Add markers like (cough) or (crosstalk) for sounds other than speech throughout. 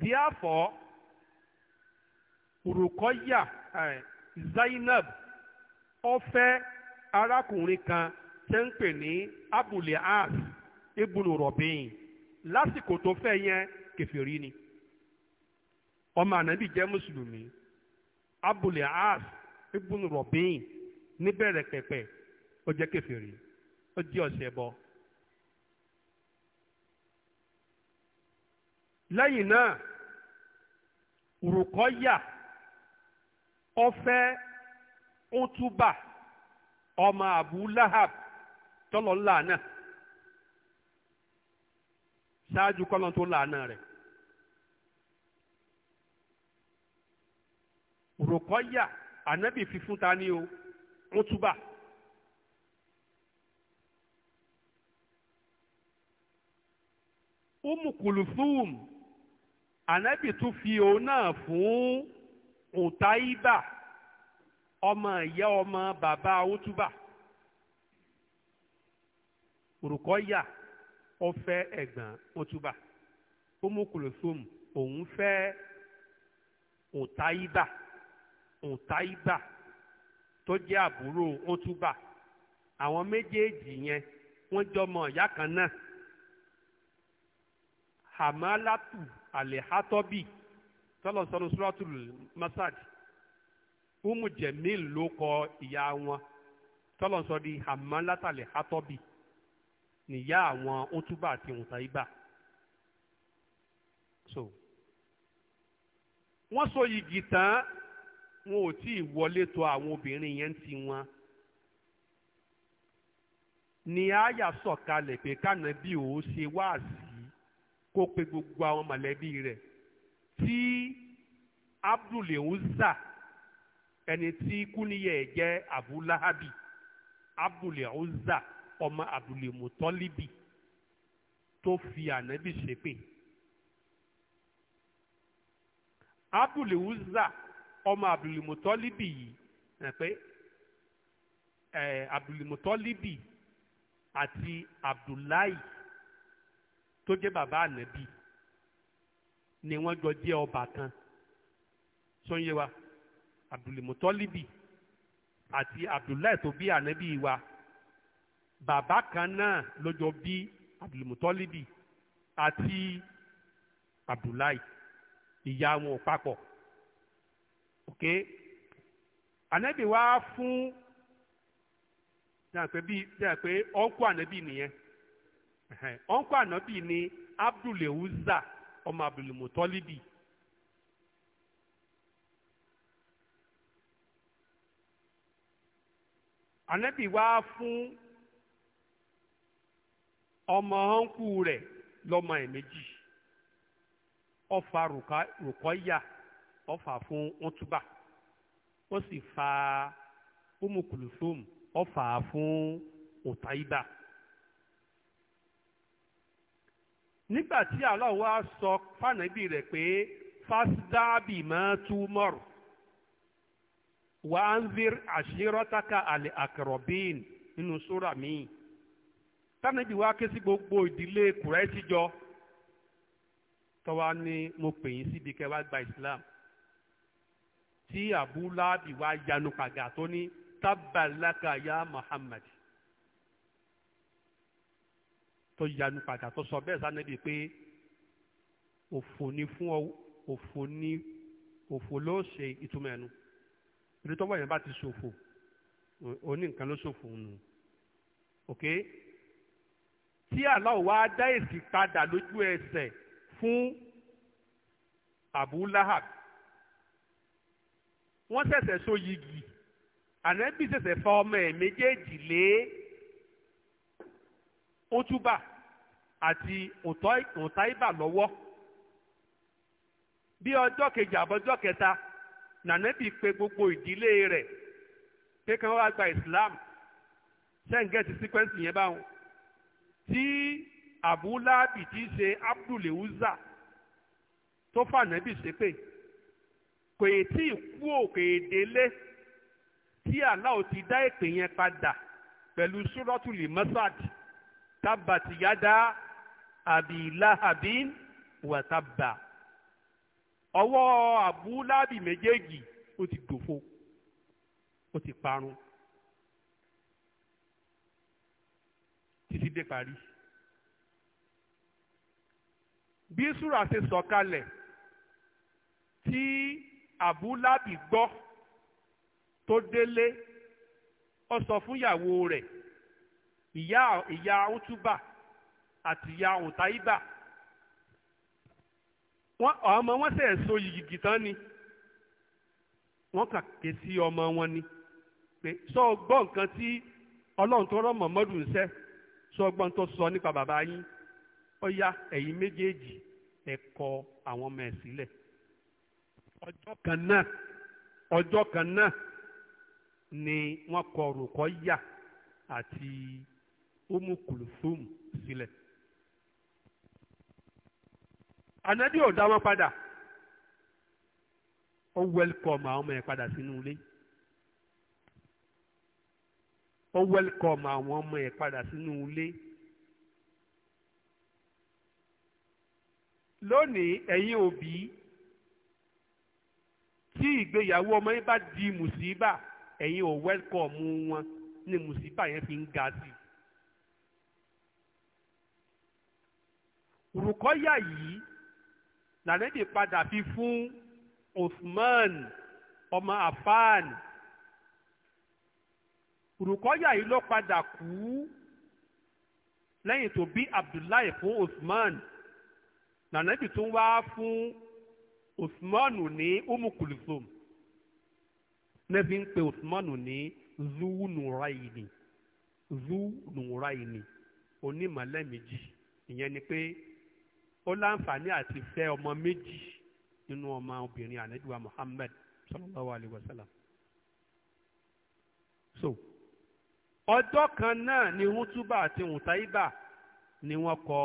Therefore, urukoya eh, Zainab ó fẹ́ arákùnrin kan tẹ́ ń pè ní Abul As ibùnú Rọ̀bìn lásìkò tó fẹ́ yẹn kẹfìrí ni ọmọ ànábì jẹ́ mùsùlùmí Abul As ibùnú Rọ̀bìn níbẹ̀rẹ̀ pẹ̀pẹ̀ ó jẹ́ kẹfìrí ó jẹ́ ọ̀sẹ̀ lẹ́yìn náà Rùkọ́yà ó fẹ́ Útúbà ọmọ Abu Lahab tọlọ ńlá náà ṣáájú kọ́lọ́n tó làánà rẹ̀. Rùkọ́yà ànábì fífún ta ni o Útúbà. ànábì tún fi òun náà fún ùtáíbà ọmọ ìyá ọmọ bàbá òtúbà Rùkọ́yà ó fẹ́ ẹ̀gbọ́n òtúbà Umu Kulthum òun fẹ́ ùtáíbà ùtáíbà tó jẹ́ àbúrò òtúbà àwọn méjèèjì yẹn wọ́n jọmọ ìyá kan náà hamalatu alihatobi tọ́lọ̀sọ́nù suratul masad umu jamil ló kọ ìyá wọn tọ́lọ̀sọ́ di hamalata alihatobi níyà àwọn otuba àti ntaiba so wọ́n so yìgì tán wọn ò tí ì wọlé tó àwọn obìnrin yẹn ti wọn ni àyà sọ̀kalẹ̀ pé kànábì ò ṣe wáàsí kó pe gbogbo àwọn mọ̀lẹ́bí rẹ̀ tí Abdul Uzza ẹni tí kúniyẹ̀ jẹ́ Abu Lahabi Abdul Uzza ọmọ Abdul Mutalibi tó fi ànábì ṣépè Abdul Uzza ọmọ Abdul Mutalibi yìí ẹ pé ẹ Abdul Mutalibi àti Abdullahi tó jẹ́ bàbá ànábì ni wọ́n jọ jẹ́ ọbàkan sọ́nyẹ́ wa abdulmutọ́líbì àti abdullahi tó bí ànábì wa bàbá kan náà ló jọ bí abdulmutọ́líbì àti abdullahi ìyá wọn ò papọ̀ ok ànábì wa fún dáhùn pé bíi dáhùn pé ọ̀nkú ànábì nìyẹn ọ̀nkọ́ ànábì ni abdul euza ọmọ abdul mutolibi ànábì wá fún ọmọ ọ̀nkù rẹ̀ lọ́mọ ẹ̀ méjì ọfà rùkọ́yà ọfà fún ọtúbà ó sì fa umukulusum ọfà fún ọ̀tàyíbà. nígbà tí Allah wá sọ fànàbí rẹ̀ pé fásitàbí máa tú mọ́rù wà á ń vir àṣírọ́tàkà àlè àkàrọ̀bìn nínú sóra míì fànàbí wá ké sí gbogbo ìdílé kùrẹ́sì jọ tọ́wá ní mo pè yín síbi kẹwàá gba Islam tí Abu Lahabi yanu pàgà tó ní tábàlákà ya Muhammad tó yanu padà tó sọ bẹ́ẹ̀ sànẹ́bí pé òfò ni fún ọ òfò ni òfò ló ṣe ìtumọ̀ ẹnu ìlú tọ́wọ́ yẹn bá ti ṣòfò oní nǹkan ló ṣòfò nù ok tí aláwọ̀ wá dá èsì padà lójú ẹsẹ̀ fún Abu wọ́n ṣẹ̀ṣẹ̀ so yigi ànábì ṣẹ̀ṣẹ̀ fa ọmọ ẹ̀ méjèèjì lé otuba àti òtáìbà lọ́wọ́ bí ọjọ́ kejì àbọ̀jọ́ kẹta nànẹ́bì pe gbogbo ìdílé rẹ̀ pé kí wọ́n wá gba Islam sẹ́ǹgẹ̀tì síkwẹ́ǹsì yẹn báwọn tí abúláàbì tí í ṣe abdulewuza tó fànẹ́bì ṣépè kò ì tí ì kú òkè délé tí Allah ti dá èpè yẹn padà pẹ̀lú súrọ́tùlì mọ́sáàdì tábàtì yádá àbí láhàbín wàtábà ọwọ́ àbúláàbì méjèèjì ó ti dòfo ó ti parun títí dé parí bí súrà ṣe sọ̀kalẹ̀ tí àbúláàbì gbọ́ tó délé ó sọ fún ìyàwó rẹ̀ ìyá ìyá ọtúbà àti ìyá ọtáíbà wọn ọmọ wọn sẹ so yìgì tán ni wọn kà ké sí ọmọ wọn ni pé sọ gbọ́ nǹkan tí ọlọ́run tó rán mọ̀mọ́dù ń sẹ́ sọ gbọ́n tó sọ nípa bàbá yín ó yá ẹ̀yin méjèèjì ẹ kọ àwọn ọmọ ẹ̀ sílẹ̀ ọjọ́ kan náà ọjọ́ kan náà ni wọ́n kọ Rùkọ́yà àti umu kulthum sílẹ̀ ànádì ò dá wọn padà ó wẹ́lkọ̀mù àwọn ọmọ yẹn padà sínú ilé ó wẹ́lkọ̀mù àwọn ọmọ yẹn padà sínú ilé. lónìí ẹ̀yin òbí tí ìgbéyàwó ọmọ yín bá di mùsíbà ẹ̀yin ò wẹ́lkọ̀mù wọn ni mùsíbà yẹn fi ń ga sí i. rùkọ́yà yìí lànàbì padà fi fún Usman ọmọ afan. rùkọ́yà yìí ló padà kú lẹ́yìn tó bí Abdullahi fún Usman lànàbì tó wá fún Usman ní Umu Kulthum nẹ́bí ń pe Usman ní zuwunuraini zuwunuraini onímọ̀lẹ́mìjì ìyẹn ni pé ó láǹfààní àti fẹ́ ọmọ méjì nínú ọmọ obìnrin ànẹ́dùwà Muhammad sallallahu alayhi wa sallam. so ọjọ́ kan náà ni hútúbà àti hùtáíbà ni wọ́n kọ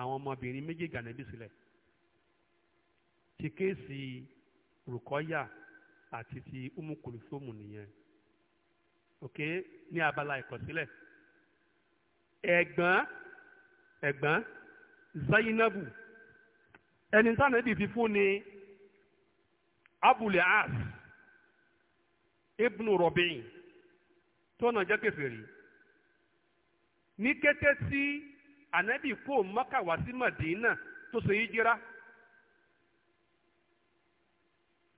àwọn ọmọbìnrin méjì gànẹ́bí sílẹ̀ ti kéèsì rùkọ́yà àti ti umu kùlùsómù nìyẹn ok ní abala ìkọsílẹ̀ ẹ̀gbọ́n ẹ̀gbọ́n zainabu ẹni tí ànábì fi fún ni abul as ibnu robin tó náà jẹ́ kèfèrí ní kété tí ànábì kó Mákà wá sí Mádínà tó ṣe yíjíra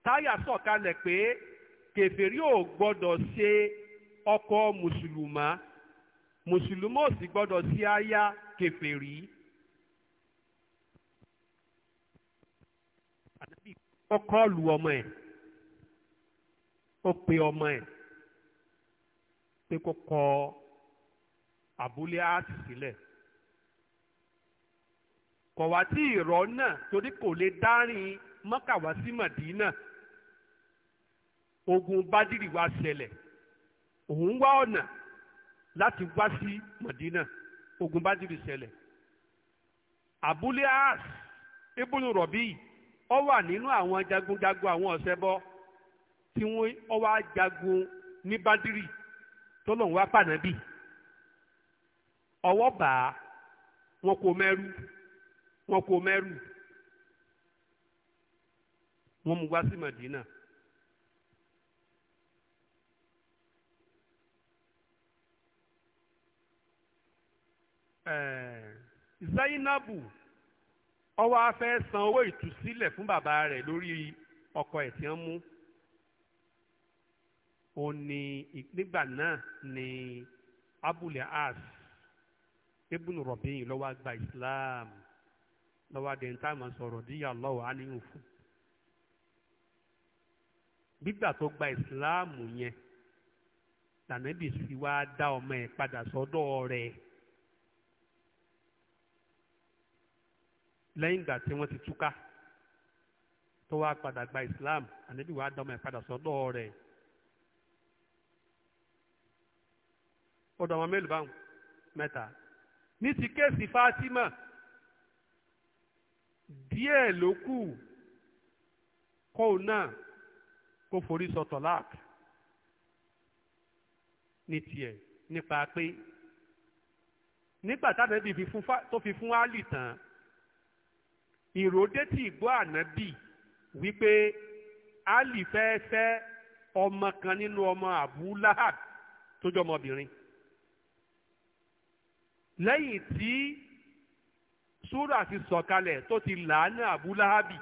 táyà sọ̀kalẹ̀ pé kèfèrí ò gbọ́dọ̀ ṣe ọkọ mùsùlùmá mùsùlùmá ò sì gbọ́dọ̀ ṣe aya kèfèrí. ó kọ́ọ̀lù ọmọ ẹ̀ ó pe ọmọ ẹ̀ pé kó kọ abúlé áàtì sílẹ̀ kọ̀ wá tí ìrọ̀ náà torí kò lè dárìn Mọ́kà wá sí Màdínà ogun Bádìrì wá ṣẹlẹ̀ òun wá ọ̀nà láti wá sí Màdínà ogun Bádìrì ṣẹlẹ̀ abúlé áàtì ibùdó rọ̀bì yìí. ọ wà nínú àwọn jagunjagun àwọn ọ̀sẹ̀bọ tí wọ́n ó wá jagun ní bádìrì tó lòun wá pànábì ọwọ́ bá wọn kò mẹ́rù wọn kò mẹ́rù wọn mú wá sí Zainabu ó wá fẹ́ san owó ìtúsílẹ̀ fún bàbá rẹ̀ lórí ọkọ ẹ̀ tí wọ́n mú ó ní nígbà náà ní abúlé as ibùn rọ̀bìn ló wá islam ló wá dẹ̀ntà máa sọ̀rọ̀ díyà lọ́wọ́ ánìyàn fún gbígbà tó gba islam yẹn tànẹ́bì sì wá dá ọmọ ẹ̀ padà sọ́dọ̀ rẹ̀. So lẹ́yìn ìgbà tí wọ́n ti túká tó wá padà gba Islam ànábì wàá dọ́mọ ẹ̀ padà sọ́dọ̀ rẹ̀ ó dọ́mọ mélòó báwọn mẹ́ta ní ti kéèsì Fatima díẹ̀ ló kù kóun náà kó forí sọ tọ́láàkì ní tiẹ̀ nípa pé nígbà táwọn ẹbí tó fi fún Ali tán ìròdétì gbọ́ ànábì wípé ali fẹ́ fẹ́ ọmọ kan nínú ọmọ abu lahab tó jọ ọmọbìnrin lẹ́yìn tí súrà ti sọ̀kalẹ̀ tó ti làánà abu lahabi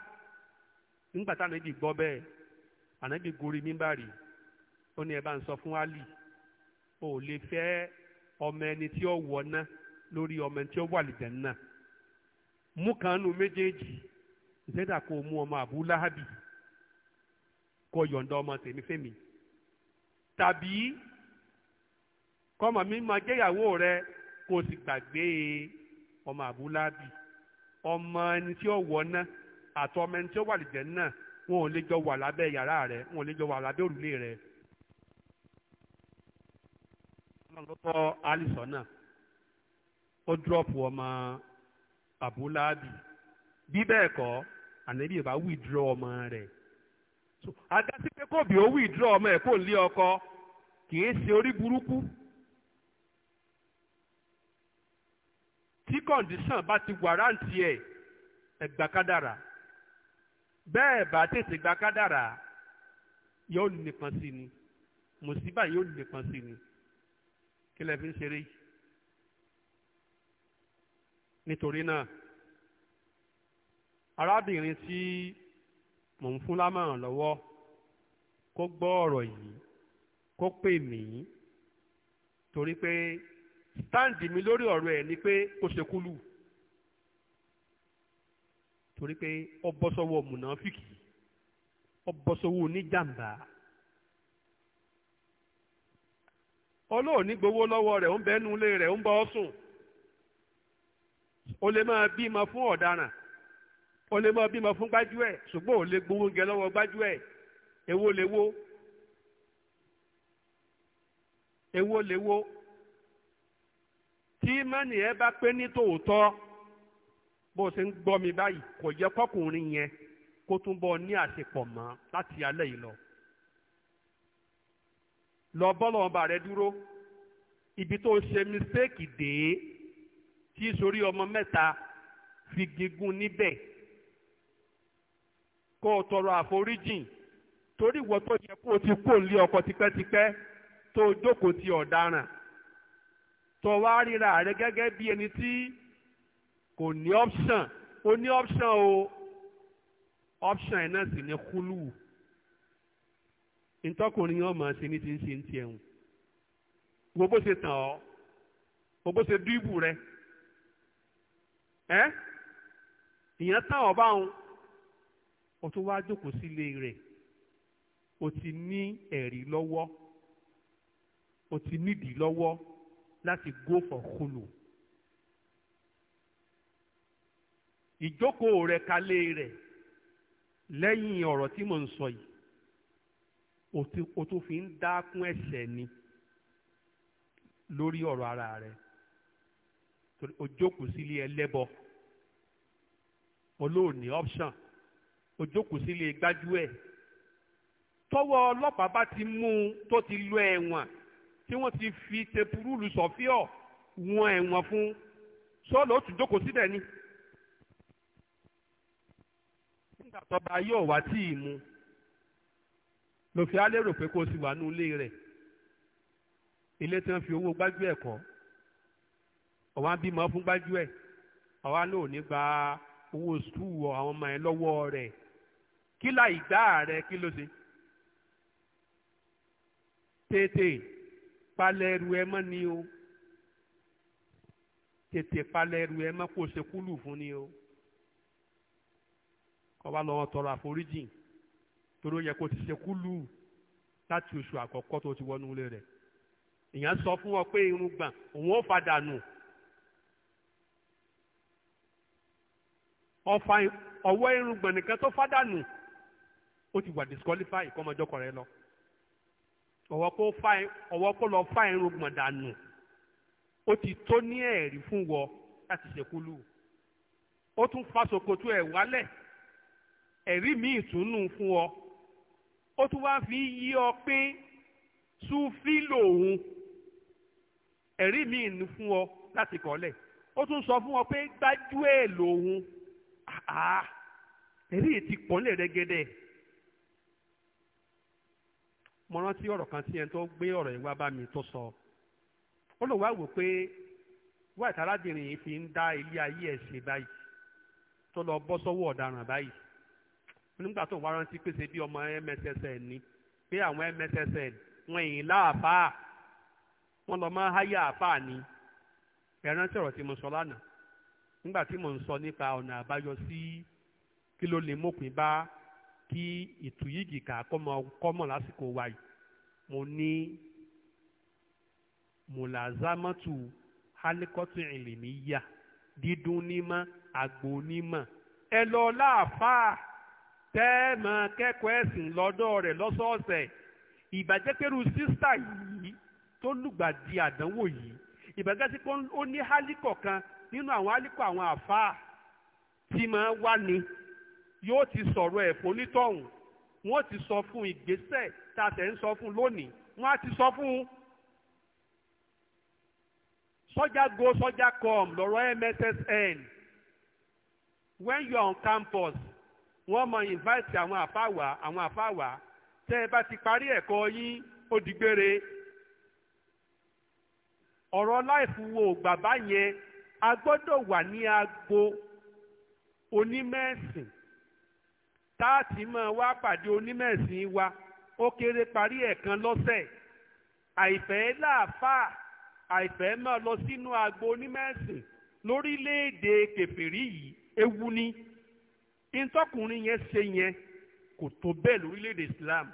nígbà tá ànábì gbọ́ bẹ́ẹ̀ ànábì gorí mímbàrí ó ní ẹ bá ń sọ fún ali ó lè fẹ́ ọmọ ẹni tí ó wọ̀ ná lórí ọmọ ẹni tí ó wà lìjẹ̀ náà mú kan nu méjèèjì zeda kò mú ọmọ Abu Lahabi kó yọ̀ǹda ọmọ tèmi fẹ́mi tàbí kọ́mọ mi máa jẹ́yàwó rẹ kó o sì gbàgbé ọmọ Abu Lahabi ọmọ ẹni tí ó wọ̀ ná àtọ ọmọ ẹni tí ó wà lìjẹ́ náà wọn ò lè jọ wà lábẹ́ yàrá rẹ wọn ò lè jọ wà lábẹ́ òrùlé rẹ. ọlọ́run ló tọ́ alison náà ó dúrọ́pù ọmọ abúláàbì bí bẹ́ẹ̀ kọ́ ànábì ò bá ọmọ rẹ̀ so agasi pé kò bí ó withdraw ọmọ ẹ̀ kó ń lé ọkọ kì í ṣe orí burúkú tí kọ̀ǹdíṣàn bá ti wàrántì ẹ̀ ẹ̀ gbà kádàrà bẹ́ẹ̀ bá tètè gbà kádàrà yóò nìkan sí ni mùsíbà yóò nìkan sí ni kí lẹ ṣeré yìí nítorí náà arábìnrin tí mò ń fún lámọ̀ràn lọ́wọ́ kó gbọ́ ọ̀rọ̀ yìí kó pè mí torí pé sítáǹdì mi lórí ọ̀rọ̀ ẹ̀ ni pé kó ṣe kúlù torí pé ó bọ́ sọ́wọ́ mùnàfíkì ó bọ́ sọ́wọ́ oníjàmbá olóòní gbowó lọ́wọ́ rẹ̀ ń bẹ́nu ilé rẹ̀ ń bọ́ sùn o lè máa bímọ fún ọ̀daràn o lè máa bímọ fún gbájúẹ̀ ṣùgbọ́n ò lè gbowó oúnjẹ lọ́wọ́ gbájúẹ̀ èwo lè wo èwo lè wo tí mọ́nì bá pé ní tòótọ́ bó o ṣe ń gbọ́ mi báyìí kò yẹ kọkùnrin yẹn kó tún bọ́ ní àṣepọ̀ mọ́ láti alẹ́ yìí lọ. lọ bọ́lọ̀ ọba rẹ dúró ibi tó ṣe mistéèkì dé tí sórí ọmọ mẹ́ta fi gígùn níbẹ̀ kó o tọrọ àforíjìn torí ìwọ tó yẹ kó o ti kó lé ọkọ tipẹ́tipẹ́ tó o jókòó ti ọ̀daràn tó o wá ríra rẹ gẹ́gẹ́ bí ẹni tí kò ní option o ní option o option ẹ̀ náà sì ní kúlù ntọ́kùnrin yóò máa ṣe ní ti ń ṣe ń tiẹ̀ hùn wo ṣe tàn ọ́ wo ṣe dúbù rẹ ẹ́ ìyẹn táwọn bá wọn ó tún wáá jókòó sílé rẹ̀ ó ti ní ẹ̀rí lọ́wọ́ ó ti nídìí lọ́wọ́ láti go for kulu ìjókòó rẹ̀ kalẹ̀ rẹ̀ lẹ́yìn ọ̀rọ̀ tí mò ń sọ yìí o tún fi ń dákún ẹ̀ṣẹ̀ ni lórí ọ̀rọ̀ ara rẹ̀ ó jókòó sílé ẹlẹ́bọ olóòní option ó jókòó sílé gbájúẹ̀ tọ́wọ́ ọlọ́pàá bá ti mú un tó ti lọ ẹ̀wọ̀n tí wọ́n ti fi tepurúlù sọ̀fíọ̀ wọn ẹ̀wọ̀n fún sọ́ọ̀lù ó tún jókòó sílẹ̀ ni. nígbà tọ́ba yóò wá tí ì mu lòfin á lérò pé kó o sì wà ní ilé rẹ̀ ilé tí wọ́n fi owó gbájú ẹ̀ kọ́ ọ̀wá ń bímọ fún gbájú ẹ̀ ọ̀wá náà ò ní gba owó sùúrù àwọn ọmọ ẹ̀ lọ́wọ́ rẹ̀ kí la ìgbà rẹ̀ kí ló ṣe. tètè palẹ̀ ẹrù ẹ mọ́ ni o tètè palẹ̀ ẹrù ẹ mọ́ kó o ṣe kúlù fún ni o kọ́ lọ́wọ́ tọrọ àforíjì torí yẹ kó ti ṣe kúlù láti oṣù àkọ́kọ́ tó ti wọnú ilé rẹ̀ èèyàn sọ fún ọ pé irun gbà òun ó fadà nù ọ̀fà ọ̀wọ́ irun gbọ̀nìkan tó fádànù ó ti wà disqualify kọ́mọjọ́kọ rẹ lọ ọ̀wọ́ kó lọ fá irun gbọ̀ndànù ó ti tó ní ẹ̀rí fún wọ láti ṣèkúlù ó tún fa ṣòkòtò ẹ̀ wálẹ̀ ẹ̀rí mi ìtùnú fún ọ ó tún wá fi yí ọ pé súfí lòun ẹ̀rí mi ìnú fún ọ láti kọ́lẹ̀ ó tún sọ fún ọ pé gbájú ẹ̀ lòun. àá ah, eléyìí ti pọ̀ rẹ́gẹ́dẹ́ mo rántí kan tí ẹni tó gbé ọ̀rọ̀ yìí wá bá mi tó sọ ó lọ wá wò pé wá yìí fi ń dá ilé ayé ẹ̀ ṣe báyìí tó lọ bọ́ sọ́wọ́ ọ̀daràn báyìí nígbà tó ń wá rántí pèsè bí ọmọ mssn ni pé àwọn mssn wọn èyí láàfáà wọn lọ máa háyà àfáà ni ẹ̀rántí ọ̀rọ̀ tí mo nígbà tí mò ń sọ nípa ọ̀nà àbáyọ sí kí ló lè mópin bá kí ìtúyìgìkà kọ́mọ̀ lásìkò wa yìí mo ní mùlàzámọ́tù hálíkọ́tù ìlìmíyà dídún nímọ̀ àgbò nímọ̀ ẹ lọ láàfáà tẹ́ ẹ mọ kẹ́kọ̀ọ́ ẹ̀sìn lọ́dọ̀ rẹ̀ lọ́sọ̀ọ̀sẹ̀ ìbàjẹ́pẹ̀rù sísà yìí tó lùgbàdì àdánwò yìí ìbàjẹ́ ó ní hálíkọ̀ kan nínú àwọn álíkò àwọn àfáà tí máa wá ni yóò ti sọ̀rọ̀ ẹ̀ fonítọ̀hún wọ́n ti sọ fún ìgbésẹ̀ tá a tẹ̀ ń sọ fún lónìí wọ́n á ti sọ fún un. sọ́jà go sọ́jà come lọ́rọ̀ MSSN when you are on campus wọ́n mọ invite àwọn àfáwà àwọn àfáwà tẹ́ ẹ bá ti parí ẹ̀kọ́ yín ó di gbére ọ̀rọ̀ láìfowó gbàbá yẹn a gbọ́dọ̀ wà ní agbo onímẹ̀sìn táàtì máa wá pàdé onímẹ̀sìn wa ó kéré parí ẹ̀kan lọ́sẹ̀ àìfẹ́ làáfàá àìfẹ́ máa lọ sínú agbo onímẹ̀sìn lórílẹ̀‐èdè kẹfìrí yìí ewu ni ìtọ́kùnrin yẹn ṣe yẹn kò tó bẹ́ẹ̀ lórílẹ̀‐èdè Islam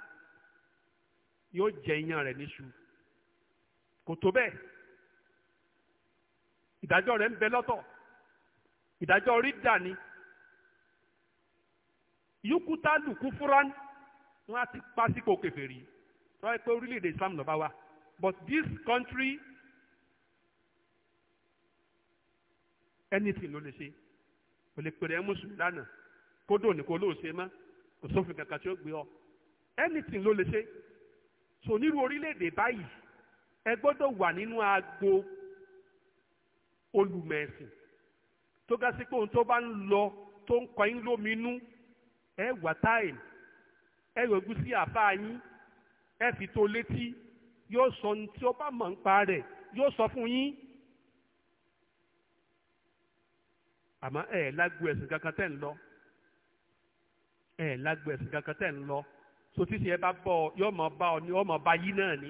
yóò jẹ iyán rẹ̀ níṣu kò tó bẹ́ẹ̀ ìdájọ́ rẹ̀ ń bẹ lọ́tọ̀ ìdájọ́ rídà ni yukuta lukufuran wọn á ti pa sípò kèfèrí tó wáyé pé orílẹ̀-èdè Islam lọ́ba wa but this country anything ló lè ṣe kò lè pèrè mùsùlùmí lánàá kódò ní kò lóòṣe mọ́ kò sófin kankan tí ó gbé ọ anything ló lè ṣe so nírú orílẹ̀-èdè báyìí ẹ gbọ́dọ̀ wà nínú aago olùmẹ̀sìn tó ga sí pé ohun tó bá ń lọ tó ń kọ yín lóminú ẹ wà táìmù ẹ yọjú sí àfáà yín ẹ fi tó létí yóò sọ ohun tí ó bá mọ̀ ń pa rẹ̀ yóò sọ fún yín. àmọ́ ẹ ẹ̀ lágbo ẹ̀sìn kankan tẹ̀ ń lọ ẹ ẹ̀ lágbo ẹ̀sìn kankan tẹ̀ ń lọ so títí ẹ bá bọ̀ yóò mọ̀ bá ọ ní ọ mọ̀ bá yín náà ni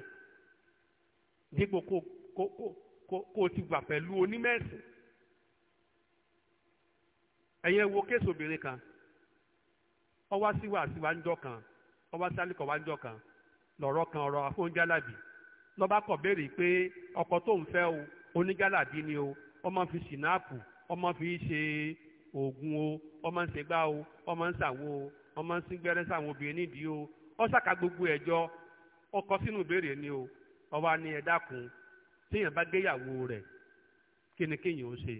dípò kó kó kó kó o ti wà pẹ̀lú onímẹ̀sìn ẹ̀yẹn wo kéésì obìnrin kan ó wá sí wàásí wa ń jọ wá sí kan lọ̀rọ̀ kan ọ̀rọ̀ afóúnjálàbì lọ́ba kọ̀ béèrè pé ọkọ tó ń fẹ́ o onígálàbí ni o ọmọ fi sinapu ọmọ fi ṣe oògùn o ọmọ ń ṣègbà o ọmọ ń ṣàwo o ọmọ ń síngbẹ́rẹ́ sáwọn obìnrin nídìí o ó ṣàkà gbogbo ẹ̀jọ́ ọkọ sínú ìbéèrè ni o ó wá ní ẹ téèyàn bá gbéyàwó rẹ kí ni ó ṣe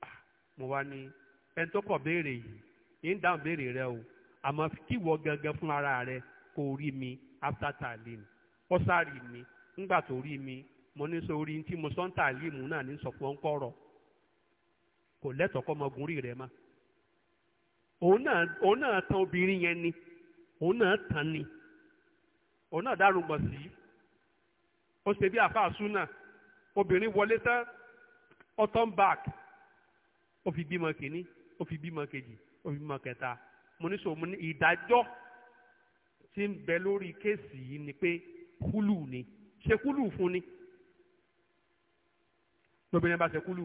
ah, mo wá ní ẹni tó kọ̀ béèrè yìí ní ń béèrè rẹ o àmọ́ kíwọ gangan fún ara rẹ kò rí mi after talim ó sáré mi ńgbà tó rí mi mo ní sọ orí tí mo sọ ń náà ní kò ọmọ rẹ òun tan obìnrin yẹn ni òun tan ni òun náà sí ó ṣe bí àfa àsúnà obìnrin wọlé tán ó turn back ó fi bímọ kìíní ó fi bímọ kejì ó fi bímọ kẹta mo ní sọ mo ní ìdájọ́ tí ń bẹ lórí kéèsì yìí ni pé kúlù ni ṣe kúlù fún ni lóbìnrin bá ṣe kúlù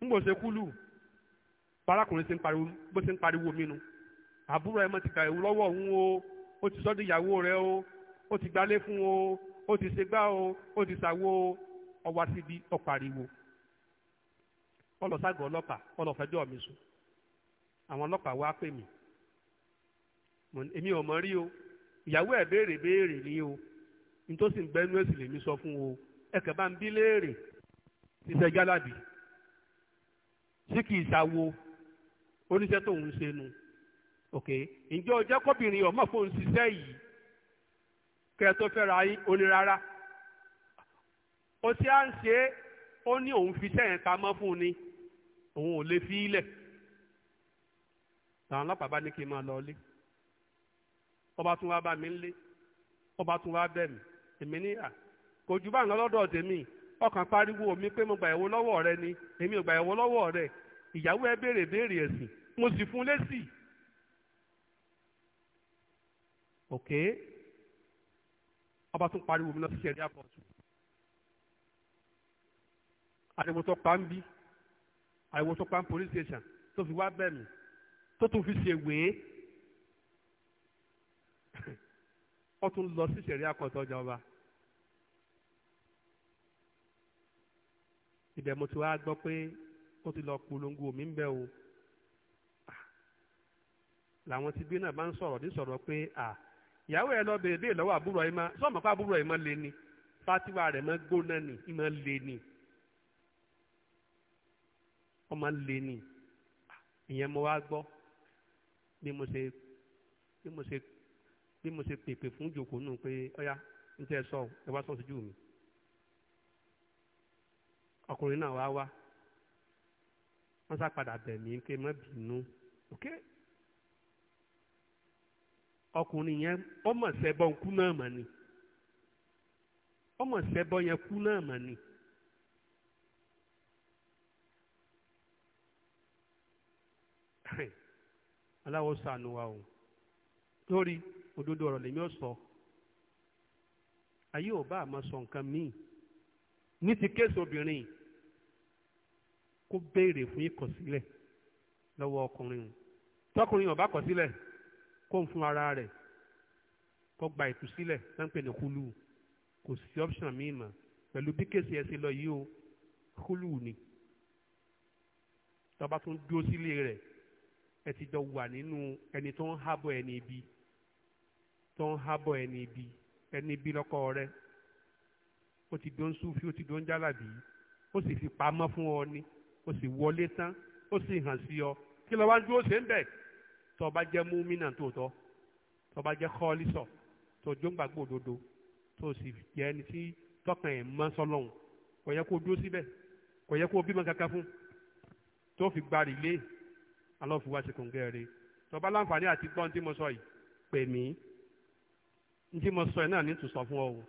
ń gbọ́ ṣe kúlù bárakùnrin ti ń pariwo bó ti ń pariwo mí nu àbúrò ẹ mọ ti gbà ewu lọ́wọ́ òun o ó ti sọ́dọ̀ ìyàwó rẹ o ó ti gbálé fún o ó ti ṣe gbá o ó ti ṣàwo ọwá síbi ọ̀pariwo ọlọ́sàgọ̀ ọlọ́pàá ọlọ́fẹ́jọ́ mi sùn àwọn ọlọ́pàá wá pè mí èmi ò mọ̀ rí o ìyàwó ẹ̀ béèrè béèrè ni o nítòsí gbẹ́nu èsì lèmi sọ fún o ẹ̀kẹ́ bá ń bí léèrè iṣẹ́ jálàbì sí kì ṣàwo oníṣẹ́ tóun ṣe nu òkè ǹjẹ́ ọjọ́ ọmọ fóun ṣiṣẹ́ yìí kẹ́ ẹ tó fẹ́ ra yín ó ní rárá ó ti à ń ṣe é ó ní òun fi sẹ́yìn pamọ́ fún un ni òun ò lè fi í lẹ̀ làwọn ọlọ́pàá bá ní kí n máa lọ ilé ọba tún wá bá mi lé ọba tún wá bẹ̀ mí èmi níyà kò jù bá ń lọ lọ́dọ̀ tèmi ọkàn pariwo mi pé mo gbà ẹ̀wọ́ lọ́wọ́ rẹ ni èmi ò gbà ẹ̀wọ́ lọ́wọ́ rẹ ìyàwó ẹ béèrè béèrè ẹ̀sìn mo sì fún lésì. òkè ọba tún pariwo mi lọ sí sẹ̀ríà kóòtù àdìwò tó pa ń bí àdìwò tó pa ń police station tó fi wá bẹ́ẹ̀ mi tó tún fi ṣe wèé wọ́n (laughs) tún lọ sí sẹ̀ríà kóòtù ọjà ọba. ibẹ̀ mo ti wá gbọ́ pé ó ti lọ polongo mi ń bẹ́ o ah. làwọn ti bí náà bá ń sọ̀rọ̀ ní sọ̀rọ̀ pé à. Ah, ìyàwó ẹ lọ bèèrè lọ́wọ́ àbúrò ẹ máa sọ́ọ̀mọ́ pa àbúrò ẹ máa lé ni fatiwa rẹ̀ máa gbóná ni ìmọ̀ lé ni ọmọ lé ni ìyẹn mo wá gbọ́ bí mo ṣe bí mo ṣe bí mo ṣe pèpè fún jòkó nù pé ọ̀yá n tẹ́ sọ ẹ wá sọ síjú mi ọkùnrin náà wá wá wọ́n sá padà bẹ̀ mí pé má bínú òkè. Okay? ọkùnrin yẹn ọmọ ṣẹbọ nkú náà mà ni ọmọ ṣẹbọ yẹn kú náà mà ni. aláwọ̀ sànù wa o lórí òdodo ọ̀rọ̀ lèmi ò sọ ayé ò bá àmọ́ sọ nǹkan míì ní ti kéésì obìnrin kó béèrè fún ìkọ̀sílẹ̀ lọ́wọ́ ọkùnrin tọkùnrin ò bá kó ń fún ara rẹ̀ kó gba ìtúsílẹ̀ tó ń pè ní hulu kò sí option míì mọ́ pẹ̀lú bí kéèsì ẹ̀ ṣe lọ yìí o hulu ni tó bá tún dúró sílé rẹ̀ ẹ ti jọ wà nínú ẹni tó ń hábọ̀ ẹni ibi tó ń hábọ̀ ẹni ibi ẹni ibi lọ́kọ rẹ̀ ó ti dó ń súfì ó ti dó ń jálàbí ó sì fi pamọ́ fún ọ ni ó sì wọlé tán ó sì hàn sí ọ kí ló wá dúró ṣe ń bẹ̀ tó bá jẹ́ múmínà tòótọ́ tó bá jẹ́ kọ́ọ́lísọ̀ tó jóńgbàgbọ́ òdodo tó sì jẹ́ ẹni tí tọkàn ẹ̀ mọ́ sọlọ́hún kò yẹ kó dúró síbẹ̀ kò yẹ kó bímọ kankan fún tó fi gba rìlé alọ́fùwá ṣe kòǹgẹ́ rẹ̀ tó láǹfààní àti gbọ́n tí mo sọ yìí pè mí tí mo sọ yìí náà ní tùsọ̀ fún ọ o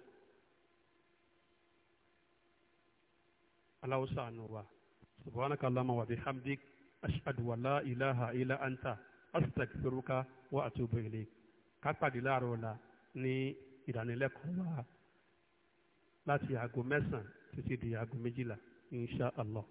aláwùsà ànúwà subhanaka allahumma wa bihamdik ashhadu wa la ilaha astaghfiruka wa atubu ilayk ká pàdé láàárọ̀ ọ̀la ní ìdánilẹ́kọ̀ọ́ wa láti aago mẹ́sàn-án títí di aago méjìlá insha allah.